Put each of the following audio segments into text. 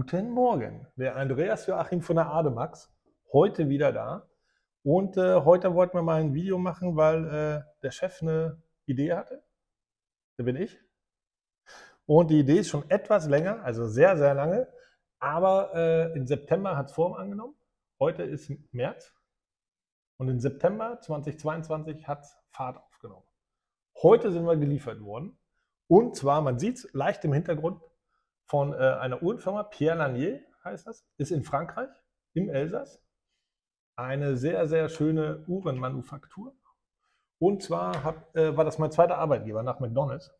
Guten Morgen, der Andreas Joachim von der Ademax, heute wieder da. Und äh, heute wollten wir mal ein Video machen, weil äh, der Chef eine Idee hatte. Da bin ich. Und die Idee ist schon etwas länger, also sehr, sehr lange. Aber äh, im September hat es Form angenommen. Heute ist März. Und im September 2022 hat es Fahrt aufgenommen. Heute sind wir geliefert worden. Und zwar, man sieht es leicht im Hintergrund, von äh, einer Uhrenfirma, Pierre Lanier heißt das, ist in Frankreich, im Elsass. Eine sehr, sehr schöne Uhrenmanufaktur. Und zwar hab, äh, war das mein zweiter Arbeitgeber nach McDonalds.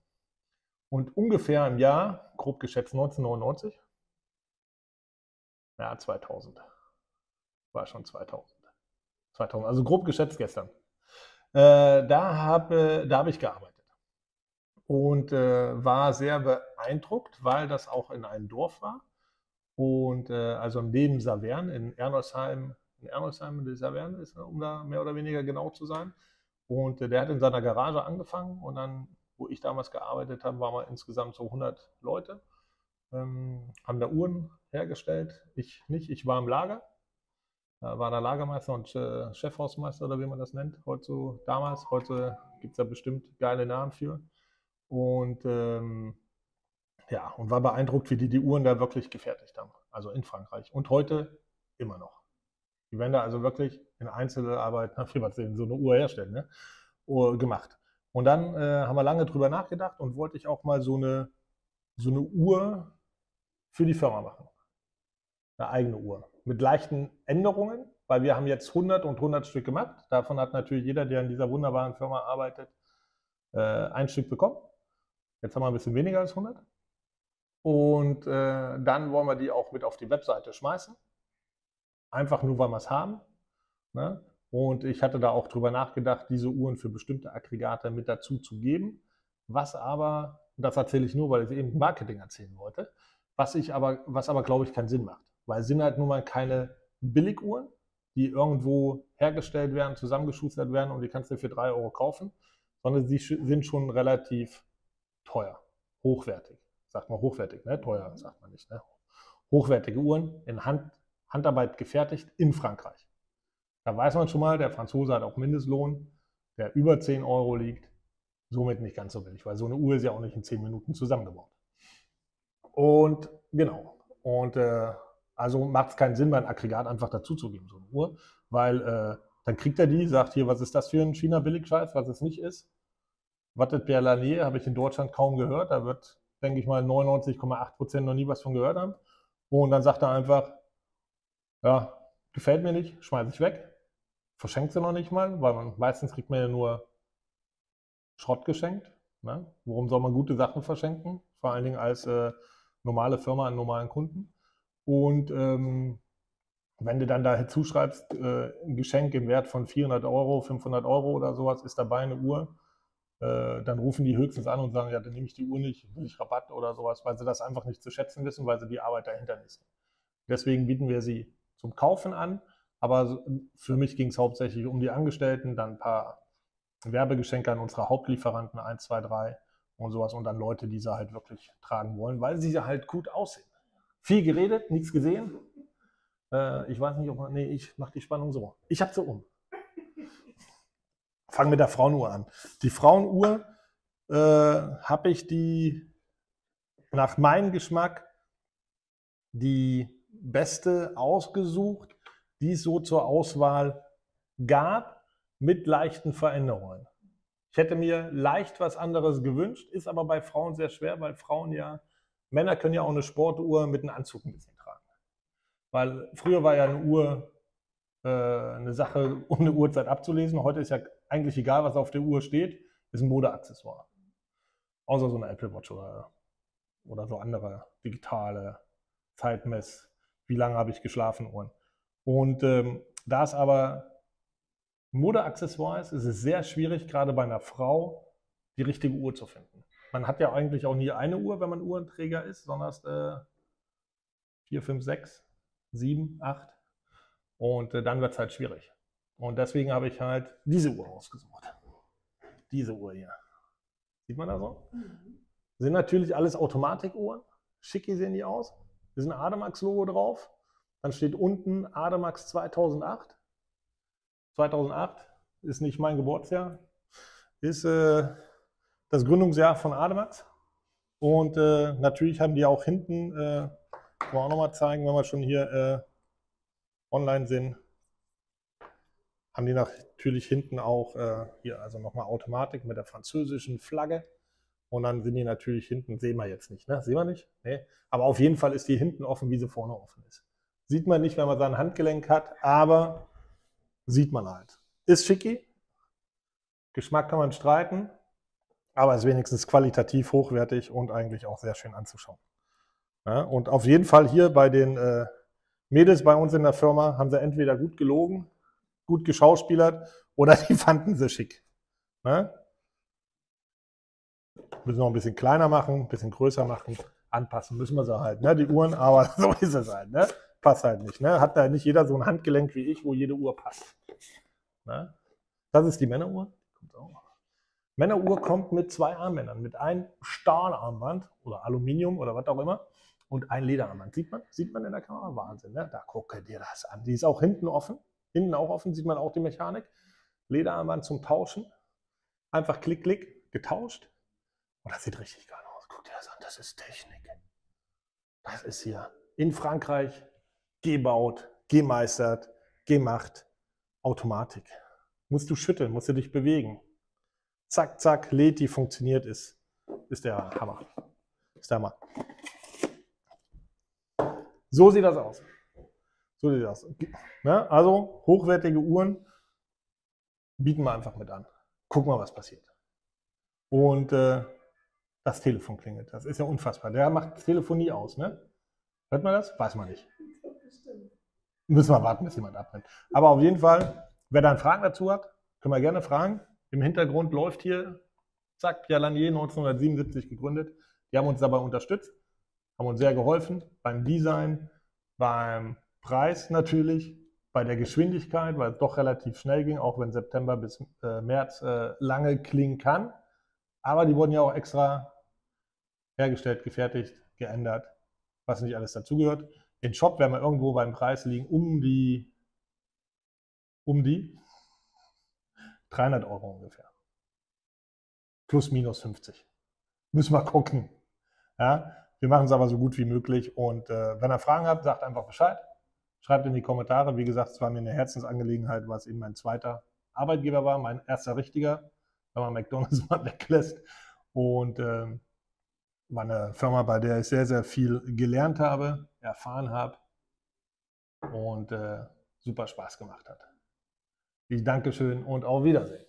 Und ungefähr im Jahr, grob geschätzt 1999, ja, 2000. War schon 2000. 2000, also grob geschätzt gestern. Äh, da habe äh, da hab ich gearbeitet und äh, war sehr beeindruckt, weil das auch in einem Dorf war. Und äh, also neben Savern in Ernolsheim, in Ernolsheim in der Savern ist, um da mehr oder weniger genau zu sein. Und äh, der hat in seiner Garage angefangen und dann, wo ich damals gearbeitet habe, waren wir insgesamt so 100 Leute, ähm, haben da Uhren hergestellt. Ich nicht, ich war im Lager, da war der Lagermeister und äh, Chefhausmeister oder wie man das nennt. Heute so, damals, heute gibt es da bestimmt geile Namen für. Und ähm, ja, und war beeindruckt, wie die die Uhren da wirklich gefertigt haben. Also in Frankreich. Und heute immer noch. Die werden da also wirklich in Einzelarbeit, na, wie man so eine Uhr herstellen, ne? Uh, gemacht. Und dann äh, haben wir lange drüber nachgedacht und wollte ich auch mal so eine, so eine Uhr für die Firma machen. Eine eigene Uhr. Mit leichten Änderungen, weil wir haben jetzt 100 und 100 Stück gemacht. Davon hat natürlich jeder, der in dieser wunderbaren Firma arbeitet, äh, ein Stück bekommen. Jetzt haben wir ein bisschen weniger als 100. Und äh, dann wollen wir die auch mit auf die Webseite schmeißen. Einfach nur, weil wir es haben. Ne? Und ich hatte da auch drüber nachgedacht, diese Uhren für bestimmte Aggregate mit dazu zu geben. Was aber, das erzähle ich nur, weil ich eben Marketing erzählen wollte, was ich aber, was aber glaube ich keinen Sinn macht. Weil sind halt nun mal keine Billiguhren, die irgendwo hergestellt werden, zusammengeschustert werden und die kannst du für drei Euro kaufen, sondern sie sind schon relativ teuer, hochwertig. Sagt man hochwertig, ne? teuer mhm. sagt man nicht. Ne? Hochwertige Uhren in Hand, Handarbeit gefertigt in Frankreich. Da weiß man schon mal, der Franzose hat auch Mindestlohn, der über 10 Euro liegt. Somit nicht ganz so billig, weil so eine Uhr ist ja auch nicht in 10 Minuten zusammengebaut. Und genau. Und äh, also macht es keinen Sinn, mein Aggregat einfach dazuzugeben, so eine Uhr, weil äh, dann kriegt er die, sagt hier, was ist das für ein China-Billigscheiß, was es nicht ist. Wattet Berlanier habe ich in Deutschland kaum gehört. Da wird, denke ich mal, 99,8 Prozent noch nie was von gehört haben. Und dann sagt er einfach, ja, gefällt mir nicht, schmeiße ich weg. Verschenkt sie noch nicht mal, weil man, meistens kriegt man ja nur Schrott geschenkt. Ne? Warum soll man gute Sachen verschenken? Vor allen Dingen als äh, normale Firma an normalen Kunden. Und ähm, wenn du dann da zuschreibst, äh, ein Geschenk im Wert von 400 Euro, 500 Euro oder sowas ist dabei, eine Uhr, äh, dann rufen die höchstens an und sagen, ja, dann nehme ich die Uhr nicht, will ich Rabatt oder sowas, weil sie das einfach nicht zu schätzen wissen, weil sie die Arbeit dahinter nicht Deswegen bieten wir sie zum Kaufen an, aber für mich ging es hauptsächlich um die Angestellten, dann ein paar Werbegeschenke an unsere Hauptlieferanten 1, 2, 3 und sowas und dann Leute, die sie halt wirklich tragen wollen, weil sie halt gut aussehen. Viel geredet, nichts gesehen. Äh, ich weiß nicht, ob man, nee, ich mache die Spannung so. Ich habe sie um fangen mit der Frauenuhr an. Die Frauenuhr äh, habe ich die nach meinem Geschmack die beste ausgesucht, die es so zur Auswahl gab, mit leichten Veränderungen. Ich hätte mir leicht was anderes gewünscht, ist aber bei Frauen sehr schwer, weil Frauen ja, Männer können ja auch eine Sportuhr mit einem Anzug ein bisschen tragen. Weil früher war ja eine Uhr äh, eine Sache, um eine Uhrzeit abzulesen. Heute ist ja eigentlich egal, was auf der Uhr steht, ist ein Modeaccessoire. Außer so eine Apple Watch oder, oder so andere digitale Zeitmess, wie lange habe ich geschlafen Uhren. Und ähm, da es aber Modeaccessoire ist, ist es sehr schwierig, gerade bei einer Frau die richtige Uhr zu finden. Man hat ja eigentlich auch nie eine Uhr, wenn man Uhrenträger ist, sondern ist, äh, 4, 5, 6, 7, 8. Und äh, dann wird es halt schwierig. Und deswegen habe ich halt diese Uhr ausgesucht. Diese Uhr hier. Sieht man da so? Mhm. Sind natürlich alles Automatikuhren. Schicki sehen die aus. Ist ein Ademax-Logo drauf. Dann steht unten Ademax 2008. 2008 ist nicht mein Geburtsjahr. Ist äh, das Gründungsjahr von Ademax. Und äh, natürlich haben die auch hinten, äh, kann man auch nochmal zeigen, wenn wir schon hier äh, online sind, haben die natürlich hinten auch äh, hier also nochmal Automatik mit der französischen Flagge. Und dann sind die natürlich hinten, sehen wir jetzt nicht, ne? Sehen wir nicht? Nee. Aber auf jeden Fall ist die hinten offen, wie sie vorne offen ist. Sieht man nicht, wenn man sein Handgelenk hat, aber sieht man halt. Ist schicki. Geschmack kann man streiten, aber ist wenigstens qualitativ hochwertig und eigentlich auch sehr schön anzuschauen. Ja, und auf jeden Fall hier bei den äh, Mädels bei uns in der Firma haben sie entweder gut gelogen gut geschauspielert oder die fanden sie schick. Ne? Müssen wir ein bisschen kleiner machen, ein bisschen größer machen, anpassen müssen wir sie halt, ne? die Uhren, aber so ist es halt. Ne? Passt halt nicht. Ne? Hat da nicht jeder so ein Handgelenk wie ich, wo jede Uhr passt. Ne? Das ist die Männeruhr. Männeruhr kommt mit zwei Armbändern, mit einem Stahlarmband oder Aluminium oder was auch immer und ein Lederarmband. Sieht man, sieht man in der Kamera? Wahnsinn, ne? Da gucke dir das an. Die ist auch hinten offen hinten auch offen, sieht man auch die Mechanik. Lederarmband zum Tauschen. Einfach klick, klick, getauscht. Und das sieht richtig geil aus. Guck dir das an, das ist Technik. Das ist hier in Frankreich gebaut, gemeistert, gemacht. Automatik. Musst du schütteln, musst du dich bewegen. Zack, zack, lädt die, funktioniert ist. Ist der Hammer. Ist der Hammer. So sieht das aus. So sieht das. Ne? Also hochwertige Uhren bieten wir einfach mit an. Guck mal, was passiert. Und äh, das Telefon klingelt. Das ist ja unfassbar. Der macht das Telefon nie aus, ne? Hört man das? Weiß man nicht. Müssen wir warten, bis jemand abbrennt. Aber auf jeden Fall, wer dann Fragen dazu hat, können wir gerne fragen. Im Hintergrund läuft hier, zack, Pierre Lanier, 1977 gegründet. Die haben uns dabei unterstützt, haben uns sehr geholfen beim Design, beim Preis natürlich bei der Geschwindigkeit, weil es doch relativ schnell ging, auch wenn September bis äh, März äh, lange klingen kann. Aber die wurden ja auch extra hergestellt, gefertigt, geändert, was nicht alles dazugehört. Den Shop werden wir irgendwo beim Preis liegen um die, um die 300 Euro ungefähr. Plus, minus 50. Müssen wir gucken. Ja, wir machen es aber so gut wie möglich. Und äh, wenn ihr Fragen habt, sagt einfach Bescheid. Schreibt in die Kommentare. Wie gesagt, es war mir eine Herzensangelegenheit, weil es eben mein zweiter Arbeitgeber war, mein erster richtiger, wenn man McDonalds mal weglässt. Und äh, war eine Firma, bei der ich sehr, sehr viel gelernt habe, erfahren habe und äh, super Spaß gemacht hat. Ich danke schön und auf Wiedersehen.